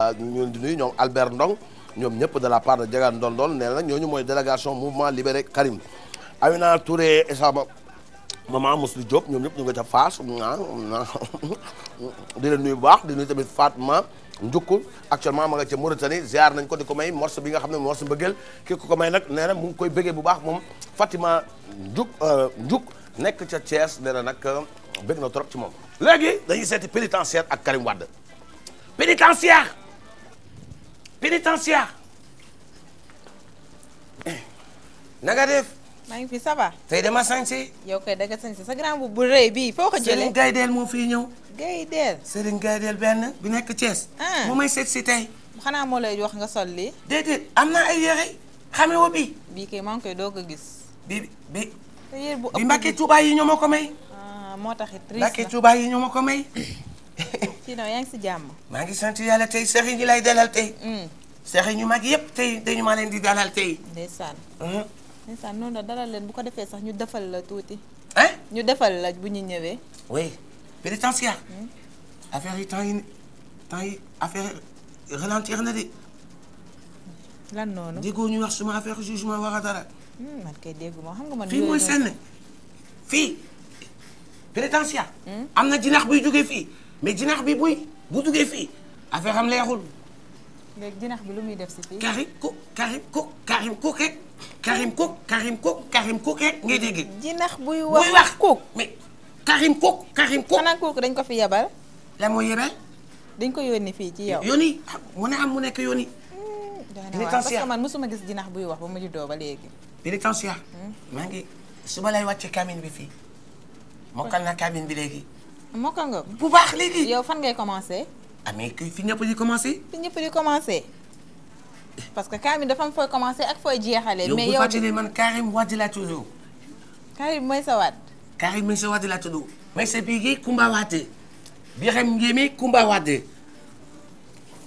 Ah, ñu leen di nuyu ñoom Albert Ndong ñoom ñëpp de la part de Diegane Ndondon nee na ñooñu mooy délégation mouvement libéré Karim Amina Touré Esaba maman Mousli Diop ñoom ñëpp ñu nga ca Fass di leen nuyu bu baax di nuyu tamit Fatma Ndiouk actuellement ma nga ca Mauritanie ziar nañ ko di ko may morse bi nga xam ne morse mbëggeel ki ko ko may nag nee na mu ngi koy bëggee bu baax moom Fatima Ndiouk euh, nekk ca Thiès nee na nag euh, bëgg na trop ci moom. léegi dañuy seeti pénitentiaire ak Karim Wade pénitentiaire. pénitentiaire. na def. maa ngi fi sabar tey dama sañse. yow kay danga sañse sa grand bu rëy bii foo ko jëlee. Serigne Gaydel moo fiy ñëw. Gaydel. Serigne Gaydel benn bi nekk Thiès. Ah. mu may seet si tey. xanaa moo lay wax nga sol li déedéet am na ay yére xame wo bi bii kay maa ngi koy doog a gis. bi bi. te yére bu yi ñoo ma ko may. Ah, moo taxit triste la yi ñoo ma ko may. sinon yaa ngi si jàmm. maa ngi sant yàlla tey Serigne yi lay dalal tey. Mm. seex ñu mag yëpp tey tey ñu maa leen di dalal tey. ndeysaan. ndeysaan noonu la dalal leen bu ko defee sax ñu defal la tuuti. ah ñu defal la bu ñu ñëwee. oui pénitencier. affaire yi temps yi temps yi ralentir na de. lan noonu déggoo ñu wax suma affaire jugement wax dara. man kay dégguma xam nga man. fii mooy senn fii pénitencier. am na jinax buy jógee fii mais jinax bi buy bu jógee fii affaire am leexul. léegi jinax bi lu muy def si fii. Karim Cook Karim Cook Karim Cook rek Karim Cook Karim Cook Karim Cook rek ngay dégg. jinax buy wax buy wax Cook mais Karim Cook Karim Cook. xanaa Cook dañ ko fi yebal. la moo yebal. dañ ko yónni fii ci yow. yónni ah, mu ne am mu nekk yónni. Hmm, pénitencier parce que man mosuma gis jinax buy wax ba mu juddoo ba léegi. pénitencier. Hmm? maa ngi suba lay wàcce kamin bi fii mokkal na kamin bi léegi. mokkal nga bu baax léegi. yow fan ngay commencé. ah mais fi ñëpp di commencé. fi ñëpp di commencé. parce que Karim dafa am fooy commencé ak fooy jeexalee. mais yow bu fàttalee man Karim Wade laa tudd. Karim Meïssa Wade. Karim Meïssa Wade laa tudd. Meïssa Bigué Kumba Wade. Birame Ndiémé Kumba Wade.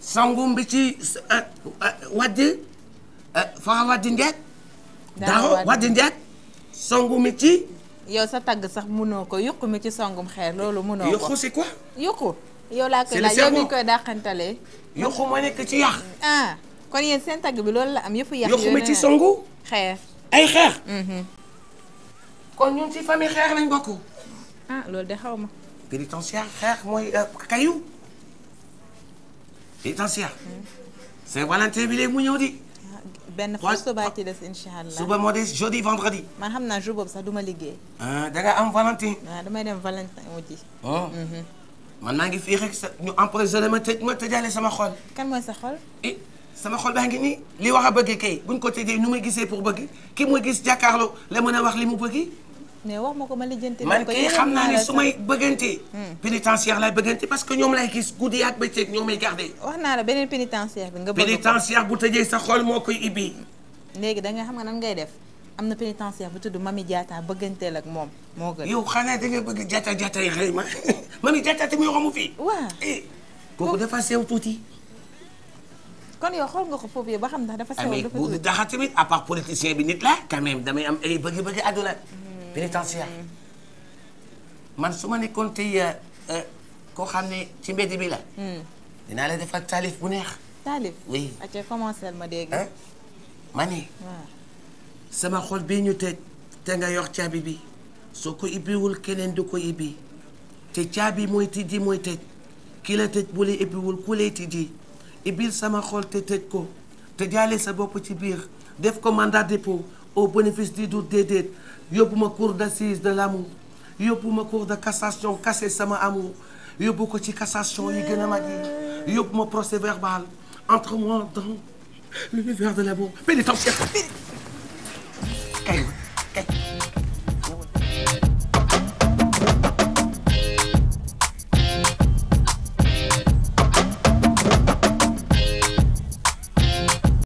Sango Mbéti ah, ah, Wade. Ah, Fara Wade Ndiaye. Daro Wade Ndiaye. Sango Mbéti. yow sa tagg sax mënoo ko yokku mi ci songum xeer loolu mënoo ko. yokku yow laa koy laaj yow mi koy dàqantalee. yokku ma nekk ci yàq. ah kon yéen seen tagg bi loolu la am yëpp yàq. yokku ma ci songu. xeex ay xeex. Mhm. kon ñun ci famille xeex lañ bokk. ah loolu de xaw ma. pénitentiaire xeex mooy kayu. Euh, pénitentiaire. Mhm. c'est Valentin bi léegi mu ñëw di. Ah, benn fan suba ci des incha allah suba moo des jeudi vendredi. man xam naa jour boobu sax du ma liggéey. ah da nga am Valentin. waaw ah, damay dem Valentin wu ji. Oh. Mhm. man naa ngi fii rek sa ñu empoisonné ma tëj ma tëjaale sama xol. kan mooy sa xol. sama xol baa ngi nii li wax a bëgg kay buñ ko tëjee nu may gisee pour bëgg ki muy gis jàkkaarloo la mën a wax li mu bëgg. mais wax ma ko ma lijjanti. man kay xam naa ne su may bëggante. Hmm. pénitentiaire laay bëggante parce que ñoom lay gis guddi ak bëccëg ñoom lay gardé. wax naa la beneen pénitentiaire bi nga bëgg pénitentiaire bu tëjee sa xol moo koy ibbi. léegi da xam nga nan ngay def. am na pénitentiaire bu tudd Mami Diatta bëgganteel ak moom moo gën. yow xanaa da nga bëgg Diatta Diatta yi xëy ma Mami Diatta tamit yoo xamu fii. waaw eh, kooku dafa sew tuuti. kon yow xool nga ko foofu ba xam ndax dafa sew dafa tuuti daxa tamit politicien bi nit la. quand même damay am ay bëgg-bëgg àdduna. Hmm. pénitentiaire man su ma nekkoon tey euh, euh, xam ne ci mbedd bi la. Hmm. dinaa la defal taalif bu neex. taalif oui. acca commencé ma dégg. ma ne. sama xol bi ñu tëj te nga yox caabi bi soo ko ibbiwul keneen du ko ibbi te caabi mooy tijji mooy tëj ki tëj bu la ibbiwul ku lay tijji ibbil sama xol te tëj ko te jaale sa bopp ci biir def ko mandat dépôt au bénéfice di doute déedéet yóbbu ma cour d'assises de l'amour yóbbu ma cour de cassation cassé sama amour yóbbu ko ci cassation yi gën a mag yóbbu ma procès verbal entre moi dans l'univers de l'amour pénitentiaire hasta luego.